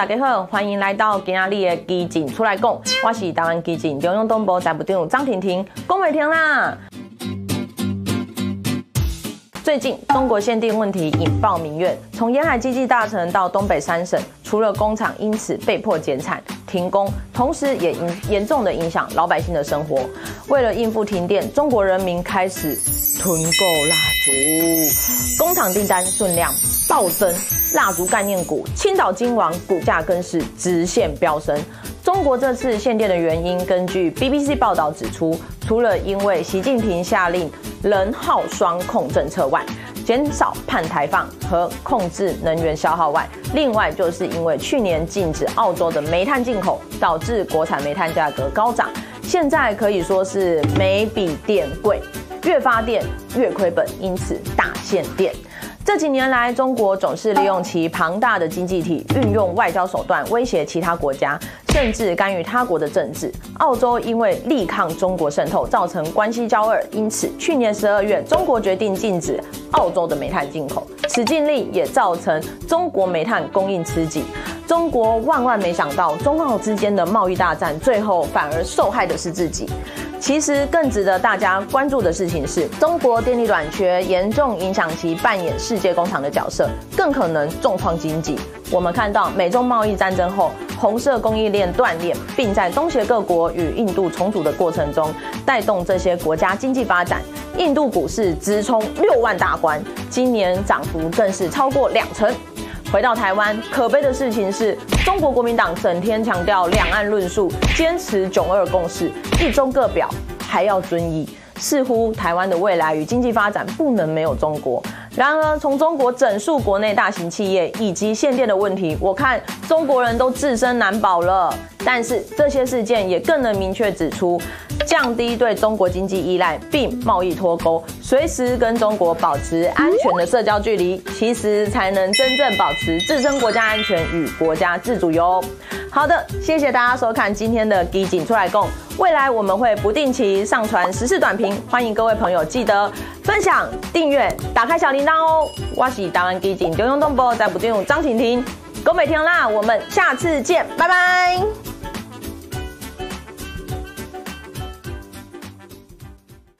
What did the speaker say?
大家好，歡迎來到今阿里的基進出來講，我是台灣基進中央黨部財務長張婷婷，恭維婷啦。最近中國限電問題引爆民怨，從沿海經濟大城到東北三省，除了工廠因此被迫減產停工，同時也嚴重地影嚴重的影響老百姓的生活。為了應付停電，中國人民開始囤購蠟燭，工廠訂單數量暴增，蠟燭概念股，青島金王股價更是直線飆升。中國這次限電的原因，根據 BBC 報道指出，除了因為習近平下令能耗雙控政策外，減少碳排放和控制能源消耗外，另外就是因為去年禁止澳洲的煤炭進口，導致國產煤炭價格高漲，現在可以說是煤比電貴，越發電越虧本，因此大限電。這幾年來，中國總是利用其龐大的經濟體，運用外交手段威脅其他國家，甚至干預他國的政治。澳洲因為力抗中國滲透，造成關係交惡，因此去年十二月，中國決定禁止澳洲的煤炭進口。此禁令也造成中國煤炭供應吃緊。中國萬萬沒想到，中澳之間的貿易大戰，最後反而受害的是自己。其實更值得大家關注的事情是，中國電力短缺，嚴重影響其扮演世界工廠的角色，更可能重創經濟。我們看到，美中貿易戰爭後，紅色供應鏈斷裂，並在東協各國與印度重組的過程中，帶動這些國家經濟發展。印度股市直沖六萬大關，今年漲幅更是超過兩成。回到台灣，可悲的事情是中國國民黨整天強調兩岸論述，堅持“九二共識”、一中各表，還要“尊異”。似乎台灣的未來與經濟發展不能沒有中國。然而，從中國整肅國內大型企業，以及限電的問題，我看中國人都自身難保了。但是，這些事件也更能明確指出，降低對中國經濟依賴，並貿易脫鈎。隨時跟中國保持安全的社交距離，其實才能真正保持自身國家安全與國家自主喲。好的，謝謝大家收看今天的《基進出來講》，未來我們會不定期上傳時事短評，歡迎各位朋友記得分享、訂閱、打開小鈴鐺哦。我是台灣基進中央黨部，財務長張婷婷，恭每天啦，我們下次見，拜拜。